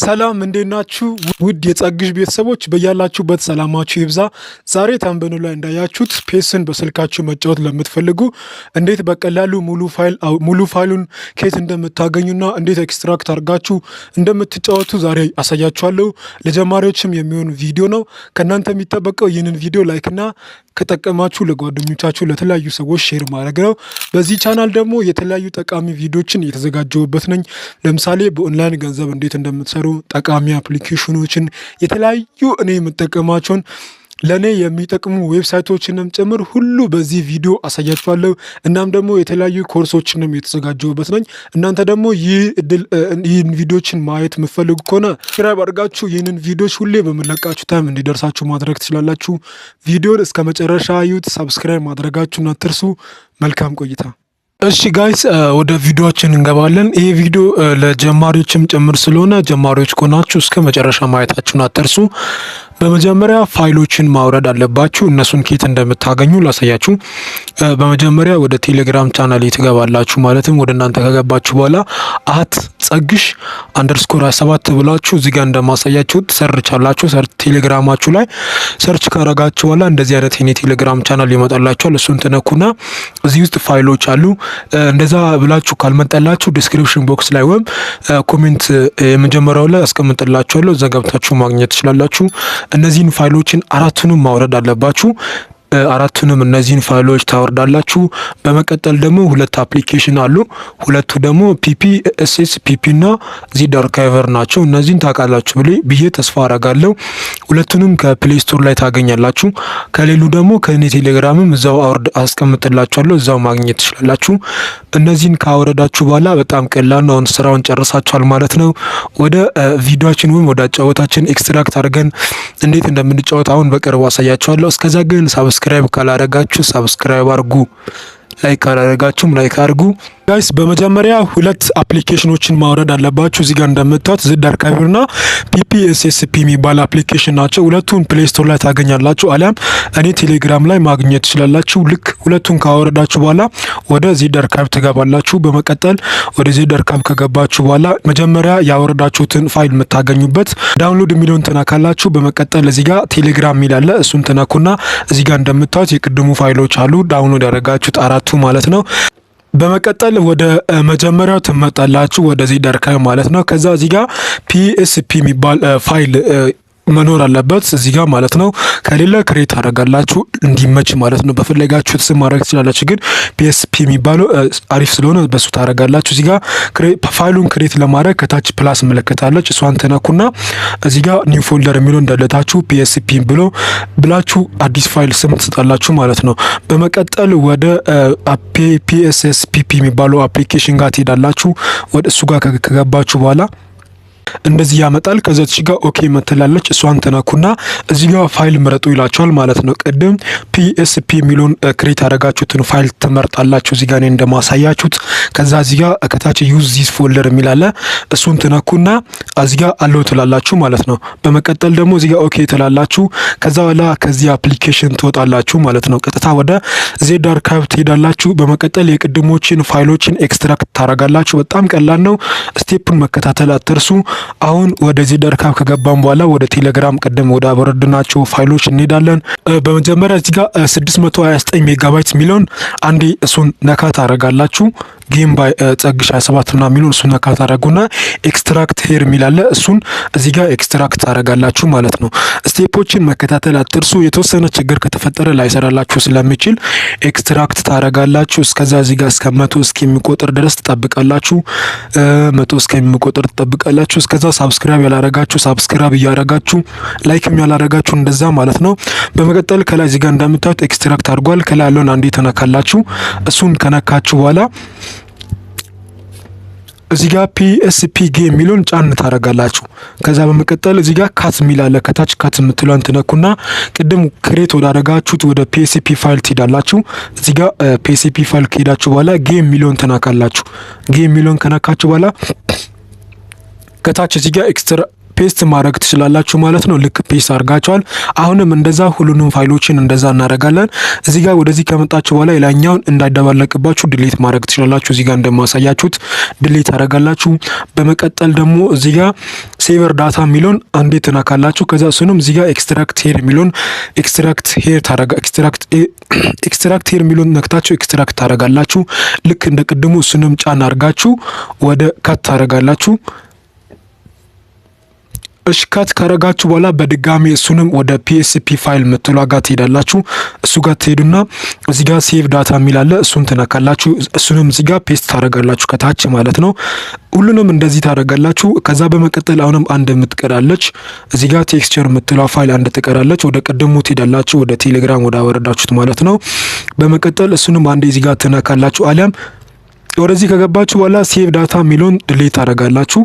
ሰላም እንዴት ናችሁ? ውድ የጸግሽ ቤተሰቦች በያላችሁበት ሰላማችሁ ይብዛ። ዛሬ ታንበኑ ላይ እንዳያችሁት ፔስን በስልካችሁ መጫወት ለምትፈልጉ እንዴት በቀላሉ ሙሉ ፋይሉን ኬት እንደምታገኙና እንዴት ኤክስትራክት አድርጋችሁ እንደምትጫወቱ ዛሬ አሳያችኋለሁ። ለጀማሪዎችም የሚሆን ቪዲዮ ነው። ከእናንተ የሚጠበቀው ይህንን ቪዲዮ ላይክና ከጠቀማችሁ ለጓደኞቻችሁ ለተለያዩ ሰዎች ሼር ማድረግ ነው። በዚህ ቻናል ደግሞ የተለያዩ ጠቃሚ ቪዲዮችን እየተዘጋጀውበት ነኝ። ለምሳሌ በኦንላይን ገንዘብ እንዴት እንደምትሰሩ ጠቃሚ አፕሊኬሽኖችን የተለያዩ እኔ የምጠቀማቸውን ለእኔ የሚጠቅሙ ዌብሳይቶችንም ጭምር ሁሉ በዚህ ቪዲዮ አሳያችኋለሁ። እናም ደግሞ የተለያዩ ኮርሶችንም የተዘጋጀበት ነኝ። እናንተ ደግሞ ይህን ቪዲዮችን ማየት የምፈልጉ ከሆነ ስክራይብ አድርጋችሁ ይህንን ቪዲዮች ሁሌ በምለቃችሁ ታይም እንዲደርሳችሁ ማድረግ ትችላላችሁ። ቪዲዮን እስከ መጨረሻ ዩት፣ ሰብስክራይብ ማድረጋችሁን አትርሱ። መልካም ቆይታ እሺ ጋይስ ወደ ቪዲዮችን እንገባለን። ይሄ ቪዲዮ ለጀማሪዎችም ጭምር ስለሆነ ጀማሪዎች ከሆናችሁ እስከ መጨረሻ ማየታችሁን አትርሱ። በመጀመሪያ ፋይሎችን ማውረድ አለባችሁ። እነሱን ኬት እንደምታገኙ ላሳያችሁ። በመጀመሪያ ወደ ቴሌግራም ቻናል ትገባላችሁ። ማለትም ወደ እናንተ ከገባችሁ በኋላ አት ጸግሽ አንደርስኮር 27 ብላችሁ እዚህ ጋር እንደማሳያችሁ ትሰርቻላችሁ። ቴሌግራማችሁ ላይ ሰርች ካረጋችሁ በኋላ እንደዚህ አይነት የኔ ቴሌግራም ቻናል ይመጣላችኋል። እሱን ትነኩና እዚህ ውስጥ ፋይሎች አሉ። እንደዛ ብላችሁ ካልመጣላችሁ ዲስክሪፕሽን ቦክስ ላይ ወይም ኮሜንት የመጀመሪያው ላይ አስቀምጥላችኋለሁ። እዛ ገብታችሁ ማግኘት ትችላላችሁ። እነዚህን ፋይሎችን አራቱንም ማውረድ አለባችሁ። አራቱንም እነዚህን ፋይሎች ታወርዳላችሁ። በመቀጠል ደግሞ ሁለት አፕሊኬሽን አሉ። ሁለቱ ደግሞ ፒፒ ኤስኤስ ፒፒ እና ዚድ አርካይቨር ናቸው። እነዚህን ታውቃላችሁ ብዬ ተስፋ አረጋለሁ። ሁለቱንም ከፕሌይ ስቶር ላይ ታገኛላችሁ። ከሌሉ ደግሞ ከእኔ ቴሌግራምም እዛው አውርድ አስቀምጥላችኋለሁ፣ እዛው ማግኘት ትችላላችሁ። እነዚህን ካወረዳችሁ በኋላ በጣም ቀላል ነው። አሁን ስራውን ጨርሳችኋል ማለት ነው። ወደ ቪዲዮችን ወይም ወደ አጫወታችን ኤክስትራክት አድርገን እንዴት እንደምንጫወት አሁን በቅርቡ አሳያችኋለሁ። እስከዛ ግን ሳብስ ሰብስክራይብ ካላረጋችሁ ሰብስክራይብ አርጉ። ላይክ ካላረጋችሁም ላይክ አርጉ። ጋይስ በመጀመሪያ ሁለት አፕሊኬሽኖችን ማውረድ አለባችሁ። እዚህ ጋር እንደምታዩት ዝድ አርካቢውና ፒፒኤስኤስፒ የሚባል አፕሊኬሽን ናቸው። ሁለቱን ፕሌይ ስቶር ላይ ታገኛላችሁ፣ አሊያም እኔ ቴሌግራም ላይ ማግኘት ትችላላችሁ። ልክ ሁለቱን ካወረዳችሁ በኋላ ወደ ዚደር ካብ ትገባላችሁ። በመቀጠል ወደ ዚደር ካብ ከገባችሁ በኋላ መጀመሪያ ያወረዳችሁትን ፋይል የምታገኙበት ዳውንሎድ የሚለውን ትነካላችሁ። በመቀጠል እዚህ ጋር ቴሌግራም የሚላለ እሱን ትነኩና እዚህ ጋር እንደምታዩት የቅድሙ ፋይሎች አሉ፣ ዳውንሎድ ያደረጋችሁት አራቱ ማለት ነው። በመቀጠል ወደ መጀመሪያው ትመጣላችሁ ወደዚህ ደርከ ማለት ነው። ከዛ እዚህ ጋር ፒኤስፒ የሚባል ፋይል መኖር አለበት እዚህ ጋር ማለት ነው። ከሌለ ክሬት አደርጋላችሁ እንዲመች ማለት ነው። በፈለጋችሁት ስም ማድረግ ትችላላችሁ። ግን ፒኤስፒ የሚባለው አሪፍ ስለሆነ በሱ ታደርጋላችሁ። እዚህ ጋር ፋይሉን ክሬት ለማድረግ ከታች ፕላስ መለከታለች። እሷን ተነኩና እዚህ ጋር ኒው ፎልደር የሚለው እንዳለታችሁ ፒኤስፒ ብሎ ብላችሁ አዲስ ፋይል ስም ትሰጣላችሁ ማለት ነው። በመቀጠል ወደ ፒኤስኤስፒፒ የሚባለው አፕሊኬሽን ጋር ትሄዳላችሁ። ወደ እሱ ጋር ከገባችሁ በኋላ እንደዚህ ያመጣል። ከዛች ጋር ኦኬ መተላለች እሷን ተነኩና እዚህ ጋር ፋይል ምረጡ ይላቸዋል ማለት ነው። ቅድም ፒኤስፒ የሚለውን ክሬት ያደረጋችሁትን ፋይል ትመርጣላችሁ። እዚህ ጋር እኔ እንደማሳያችሁት። ከዛ እዚህ ጋር ከታች ዩዝ ዚስ ፎልደር የሚላለ እሱን ትነኩና እዚህ ጋር አለው ትላላችሁ ማለት ነው። በመቀጠል ደግሞ እዚህ ጋር ኦኬ ትላላችሁ። ከዛ በኋላ ከዚህ አፕሊኬሽን ትወጣላችሁ ማለት ነው። ቀጥታ ወደ ዜድ አርካይቭ ትሄዳላችሁ። በመቀጠል የቅድሞችን ፋይሎችን ኤክስትራክት ታረጋላችሁ። በጣም ቀላል ነው። ስቴፑን መከታተል አትርሱ። አሁን ወደዚህ ደርካም ከገባን በኋላ ወደ ቴሌግራም ቅድም ወደ አበረድናቸው ፋይሎች እንሄዳለን። በመጀመሪያ እዚህ ጋር 629 ሜጋባይት የሚለውን አንዴ እሱን ነካ ታደረጋላችሁ። ጌም ባይ ጸግሽ 27 ምናምን የሚለውን እሱን ነካ ታደረጉና ኤክስትራክት ሄር የሚላለ እሱን እዚህ ጋር ኤክስትራክት ታደረጋላችሁ ማለት ነው። ስቴፖችን መከታተል አትርሱ። የተወሰነ ችግር ከተፈጠረ ላይሰራላችሁ ስለሚችል ኤክስትራክት ታደረጋላችሁ። እስከዛ እዚህ ጋር እስከ መቶ እስከሚቆጥር ድረስ ትጠብቃላችሁ። መቶ እስከሚቆጥር ትጠብቃላችሁ። እስከዛ ሳብስክራይብ ያላረጋችሁ ሳብስክራይብ እያረጋችሁ ላይክም ያላረጋችሁ እንደዛ ማለት ነው። በመቀጠል ከላይ እዚህ ጋር እንደምታዩት ኤክስትራክት አድርጓል። ከላይ ያለውን አንዴ ተነካላችሁ። እሱን ከነካችሁ በኋላ እዚህ ጋር ፒኤስፒጌ የሚለውን ጫን ታደርጋላችሁ። ከዛ በመቀጠል እዚህ ጋር ካት የሚል አለ። ከታች ካት የምትለን ትነኩና ቅድም ክሬት ወዳደረጋችሁት ወደ ፒኤስፒ ፋይል ትሄዳላችሁ። እዚህ ጋር ፒኤስፒ ፋይል ከሄዳችሁ በኋላ ጌ የሚለውን ተናካላችሁ። ጌ የሚለውን ከነካችሁ በኋላ ከታች እዚህ ጋር ኤክስትራ ፔስት ማድረግ ትችላላችሁ ማለት ነው። ልክ ፔስት አድርጋቸዋል። አሁንም እንደዛ ሁሉንም ፋይሎችን እንደዛ እናደርጋለን። እዚህ ጋር ወደዚህ ከመጣችሁ በኋላ የላኛውን እንዳይደባለቅባችሁ ድሌት ማድረግ ትችላላችሁ። እዚህ ጋር እንደማሳያችሁት ድሌት ያደርጋላችሁ። በመቀጠል ደግሞ እዚህ ጋር ሴቨር ዳታ የሚለውን አንዴ ትነካላችሁ። ከዛ እሱንም እዚህ ጋር ኤክስትራክት ሄር የሚለውን ኤክስትራክት ሄር ታረጋ ኤክስትራክት ሄር የሚለውን ነክታችሁ ኤክስትራክት ታረጋላችሁ። ልክ እንደ ቅድሙ እሱንም ጫን አድርጋችሁ ወደ ካት ታረጋላችሁ። እሽካት ካረጋችሁ በኋላ በድጋሚ እሱንም ወደ ፒኤስፒ ፋይል ምትሏ ጋር ትሄዳላችሁ። እሱ ጋር ትሄዱና እዚ ጋር ሴቭ ዳታ የሚላለ እሱን ትነካላችሁ። እሱንም እዚ ጋር ፔስት ታደረጋላችሁ ከታች ማለት ነው። ሁሉንም እንደዚህ ታደረጋላችሁ። ከዛ በመቀጠል አሁንም አንድ የምትቀራለች እዚ ጋር ቴክስቸር የምትሏ ፋይል አንድ ትቀራለች። ወደ ቀደሙ ትሄዳላችሁ፣ ወደ ቴሌግራም ወደ አወረዳችሁት ማለት ነው። በመቀጠል እሱንም አንድ እዚ ጋር ትነካላችሁ። አሊያም ወደዚህ ከገባችሁ በኋላ ሴቭ ዳታ የሚለውን ድሌት ታደረጋላችሁ።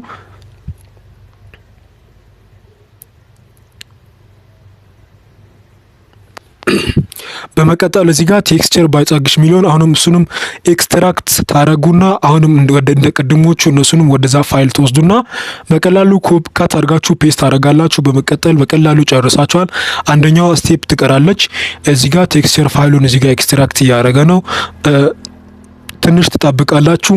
በመቀጠል እዚህ ጋር ቴክስቸር ባይጻግሽ ሚሊዮን አሁንም እሱንም ኤክስትራክት ታረጉና አሁንም እንደ ቅድሞቹ እነሱንም ወደዛ ፋይል ትወስዱና በቀላሉ ኮፒ ካት አድርጋችሁ ፔስት ታደርጋላችሁ። በመቀጠል በቀላሉ ጨርሳችኋል። አንደኛው ስቴፕ ትቀራለች። እዚህ ጋር ቴክስቸር ፋይሉን እዚህ ጋር ኤክስትራክት እያደረገ ነው። ትንሽ ትጠብቃላችሁ።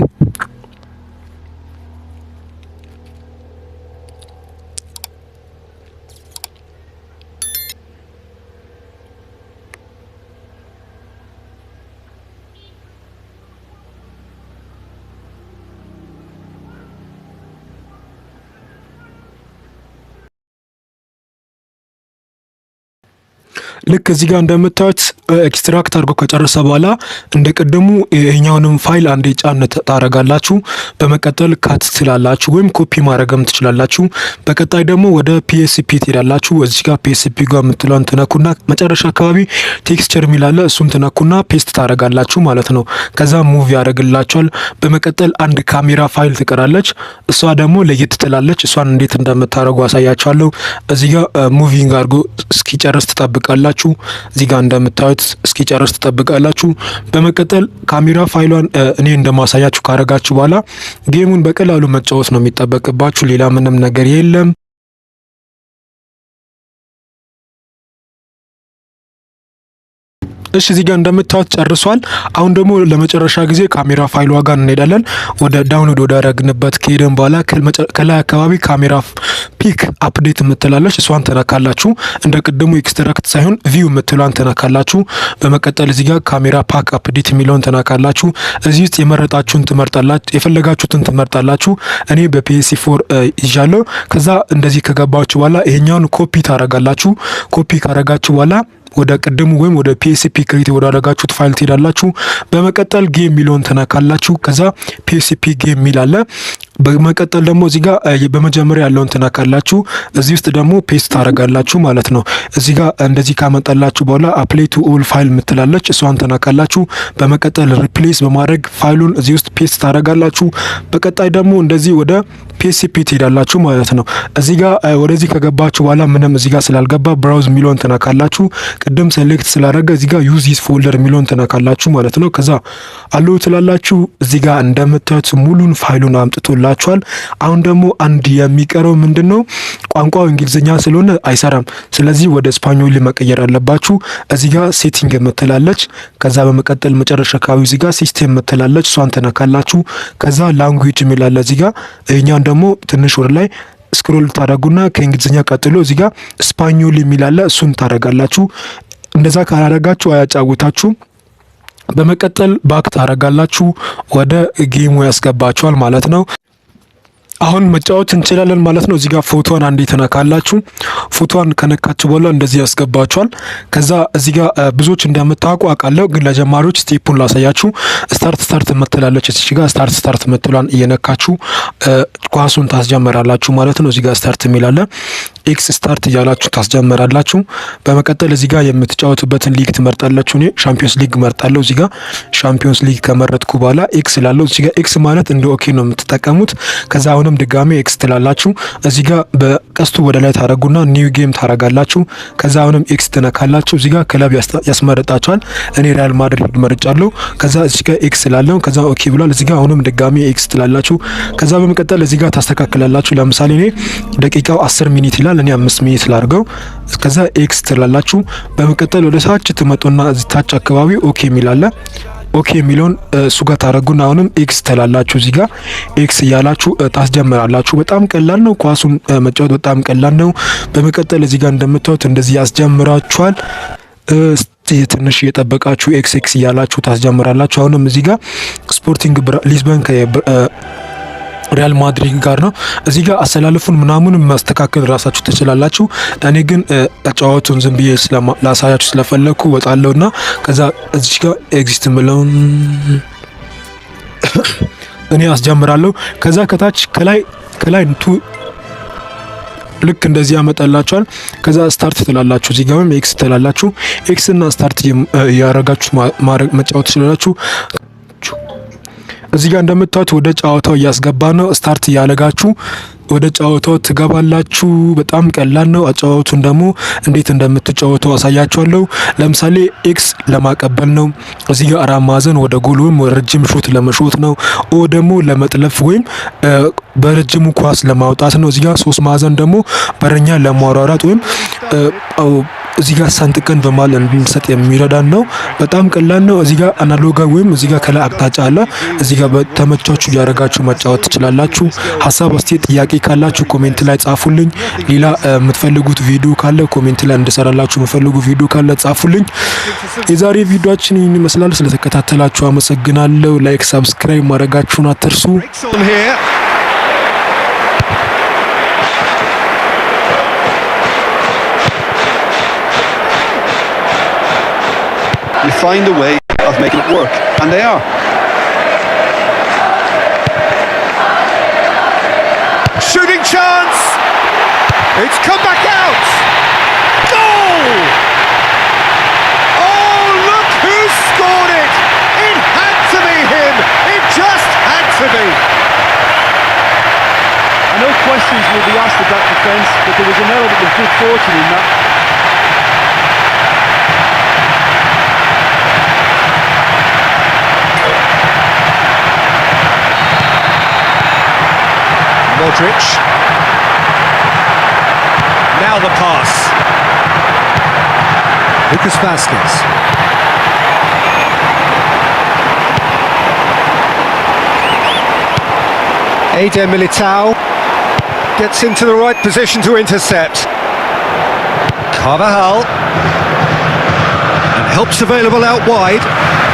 ልክ እዚህ ጋር እንደምታዩት ኤክስትራክት አድርጎ ከጨረሰ በኋላ እንደ ቅድሙ የኛውንም ፋይል አንዴ ጫን ታረጋላችሁ። በመቀጠል ካት ትላላችሁ ወይም ኮፒ ማድረግም ትችላላችሁ። በቀጣይ ደግሞ ወደ ፒኤስፒ ትሄዳላችሁ። እዚህ ጋር ፒኤስፒ ጋር የምትለን ትነኩና መጨረሻ አካባቢ ቴክስቸር የሚላለ እሱን ትነኩና ፔስት ታረጋላችሁ ማለት ነው። ከዛ ሙቭ ያደርግላችኋል። በመቀጠል አንድ ካሜራ ፋይል ትቀራለች። እሷ ደግሞ ለየት ትላለች። እሷን እንዴት እንደምታደረጉ አሳያችኋለሁ። እዚህ ጋር ሙቪንግ አድርጎ እስኪጨርስ ትጠብቃላችሁ። እዚህ ጋር እንደምታዩት ሂደት እስኪጨርስ ትጠብቃላችሁ። በመቀጠል ካሜራ ፋይሏን እኔ እንደማሳያችሁ ካረጋችሁ በኋላ ጌሙን በቀላሉ መጫወት ነው የሚጠበቅባችሁ። ሌላ ምንም ነገር የለም። እሺ እዚህ ጋር እንደምታዩት ጨርሷል። አሁን ደግሞ ለመጨረሻ ጊዜ ካሜራ ፋይሏ ጋር እንሄዳለን። ወደ ዳውንሎድ ወዳረግንበት ከሄደን በኋላ ከላይ አካባቢ ካሜራ ፒክ አፕዴት የምትላለች እሷን ተነካላችሁ። እንደ ቅድሙ ኤክስትራክት ሳይሆን ቪው የምትሏን ተነካላችሁ። በመቀጠል እዚህ ጋር ካሜራ ፓክ አፕዴት የሚለውን ተነካላችሁ። እዚህ ውስጥ የመረጣችሁን ትመርጣላችሁ፣ የፈለጋችሁትን ትመርጣላችሁ። እኔ በፒኤሲ ፎር ይዣለሁ። ከዛ እንደዚህ ከገባችሁ በኋላ ይሄኛውን ኮፒ ታረጋላችሁ። ኮፒ ካረጋችሁ በኋላ ወደ ቅድሙ ወይም ወደ ፒኤስፒ ክሬት ወዳደረጋችሁት ፋይል ትሄዳላችሁ። በመቀጠል ጌም የሚለውን ተነካላችሁ። ከዛ ፒኤስፒ ጌም የሚል አለ በመቀጠል ደግሞ እዚህ ጋር በመጀመሪያ ያለውን እንትና ካላችሁ እዚህ ውስጥ ደግሞ ፔስት ታደርጋላችሁ ማለት ነው። እዚህ ጋር እንደዚህ ካመጣላችሁ በኋላ አፕሌይ ቱ ኦል ፋይል የምትላለች እሷን እንትና በመቀጠል ሪፕሌስ በማድረግ ፋይሉን እዚህ ውስጥ ፔስት ታደርጋላችሁ። በቀጣይ ደግሞ እንደዚህ ወደ ፒሲፒ ትሄዳላችሁ ማለት ነው። እዚህ ጋር ወደዚህ ከገባችሁ በኋላ ምንም እዚህ ጋር ስላልገባ ብራውዝ የሚለውን እንትና ካላችሁ ቅድም ሴሌክት ስላደረገ እዚህ ጋር ዩዝ ዚስ ፎልደር የሚለውን እንትና ማለት ነው። ከዛ አለው ትላላችሁ እዚህ ጋር እንደምታዩት ሙሉን ፋይሉን አምጥቶላ ብላችኋል። አሁን ደግሞ አንድ የሚቀረው ምንድን ነው? ቋንቋው እንግሊዝኛ ስለሆነ አይሰራም። ስለዚህ ወደ ስፓኞል መቀየር አለባችሁ። እዚህ ጋር ሴቲንግ የምትላለች፣ ከዛ በመቀጠል መጨረሻ አካባቢ እዚህ ጋር ሲስቴም የምትላለች፣ እሷን ተነካላችሁ። ከዛ ላንጉጅ የሚላለ እዚህ ጋር እኛን ደግሞ ትንሽ ወደ ላይ ስክሮል ታደረጉና ከእንግሊዝኛ ቀጥሎ እዚህ ጋር ስፓኞል የሚላለ እሱን ታደረጋላችሁ። እንደዛ ካላደረጋችሁ አያጫውታችሁም። በመቀጠል ባክ ታደረጋላችሁ። ወደ ጌሙ ያስገባችኋል ማለት ነው። አሁን መጫወት እንችላለን ማለት ነው። እዚህ ጋር ፎቶዋን አንዴ ተነካላችሁ። ፎቶዋን ከነካችሁ በኋላ እንደዚህ ያስገባችኋል። ከዛ እዚህ ጋር ብዙዎች እንደምታውቁ አውቃለሁ፣ ግን ለጀማሪዎች ስቴፑን ላሳያችሁ። ስታርት ስታርት መትላለች። እዚህ ጋር ስታርት ስታርት መትሏን እየነካችሁ ኳሱን ታስጀምራላችሁ ማለት ነው። እዚህ ጋር ስታርት የሚላለ ኤክስ ስታርት እያላችሁ ታስጀምራላችሁ። በመቀጠል እዚህ ጋር የምትጫወቱበትን ሊግ ትመርጣላችሁ። እኔ ሻምፒዮንስ ሊግ መርጣለሁ። እዚህ ጋር ሻምፒዮንስ ሊግ ከመረጥኩ በኋላ ኤክስ ላለው እዚህ ጋር ኤክስ ማለት እንደ ኦኬ ነው የምትጠቀሙት። ከዛ አሁንም ድጋሚ ኤክስ ትላላችሁ። እዚህ ጋር በቀስቱ ወደ ላይ ታረጉና ኒው ጌም ታረጋላችሁ። ከዛ አሁንም ኤክስ ትነካላችሁ። እዚህ ጋር ክለብ ያስመርጣችኋል። እኔ ሪያል ማድሪድ መርጫለሁ። ከዛ እዚህ ጋር ኤክስ ላለው ከዛ ኦኬ ብሏል። እዚህ ጋር አሁንም ድጋሚ ኤክስ ትላላችሁ። ከዛ በመቀጠል እዚህ ጋር ታስተካክላላችሁ። ለምሳሌ እኔ ደቂቃው አስር ሚኒት ይላል እኔ አምስት ሚኒት ላድርገው። እስከዛ ኤክስ ትላላችሁ። በመቀጠል ወደ ታች ትመጡና እዚህ ታች አካባቢ ኦኬ የሚላለ ኦኬ የሚለውን እሱ ጋር ታደረጉና አሁንም ኤክስ ትላላችሁ። እዚህ ጋር ኤክስ እያላችሁ ታስጀምራላችሁ። በጣም ቀላል ነው። ኳሱን መጫወት በጣም ቀላል ነው። በመቀጠል እዚህ ጋር እንደምታዩት እንደዚህ ያስጀምራችኋል። ትንሽ እየጠበቃችሁ ኤክስ ኤክስ እያላችሁ ታስጀምራላችሁ። አሁንም እዚህ ጋር ስፖርቲንግ ሊዝበን ሪያል ማድሪድ ጋር ነው። እዚህ ጋር አሰላለፉን ምናምን ማስተካከል ራሳችሁ ትችላላችሁ። እኔ ግን ተጫዋቹን ዝም ብዬ ላሳያችሁ ስለፈለግኩ ወጣለሁ እና ከዛ እዚህ ጋር ኤግዚስት ምለውን እኔ አስጀምራለሁ። ከዛ ከታች ከላይ ከላይ ቱ ልክ እንደዚህ ያመጣላችኋል። ከዛ ስታርት ትላላችሁ፣ እዚህ ጋርም ኤክስ ትላላችሁ። ኤክስ እና ስታርት እያረጋችሁ መጫወት ትችላላችሁ። እዚህ ጋር እንደምታዩት ወደ ጨዋታው እያስገባ ነው። ስታርት እያለጋችሁ ወደ ጨዋታው ትገባላችሁ። በጣም ቀላል ነው። አጨዋወቱን ደግሞ እንዴት እንደምትጫወቱ አሳያችኋለሁ። ለምሳሌ ኤክስ ለማቀበል ነው። እዚህ ጋር አራት ማዕዘን ወደ ጎል ወይም ረጅም ሹት ለመሾት ነው። ኦ ደግሞ ለመጥለፍ ወይም በረጅሙ ኳስ ለማውጣት ነው። እዚህ ጋር ሶስት ማዕዘን ደግሞ በረኛ ለማሯራት ወይም እዚህ ጋር ሰንጥቀን በማል እንድንሰጥ የሚረዳን ነው። በጣም ቀላል ነው። እዚህ ጋር አናሎጋ ወይም እዚህ ጋር ከላይ አቅጣጫ አለ። እዚህ ጋር በተመቻችሁ ያደረጋችሁ መጫወት ትችላላችሁ። ሀሳብ አስቴ ጥያቄ ካላችሁ ኮሜንት ላይ ጻፉልኝ። ሌላ የምትፈልጉት ቪዲዮ ካለ ኮሜንት ላይ እንድሰራላችሁ የምፈልጉ ቪዲዮ ካለ ጻፉልኝ። የዛሬ ቪዲዮችን ይህን ይመስላል። ስለተከታተላችሁ አመሰግናለሁ። ላይክ፣ ሳብስክራይብ ማድረጋችሁን አትርሱ። find a way of making it work, and they are. Shooting chance! It's come back out! Goal! Oh, look who scored it! It had to be him! It just had to be! no questions will be asked about defence, but there was an element of good fortune in that. Modric. Now the pass. Lucas Vasquez. Eder Militao gets into the right position to intercept. Carvajal and helps available out wide.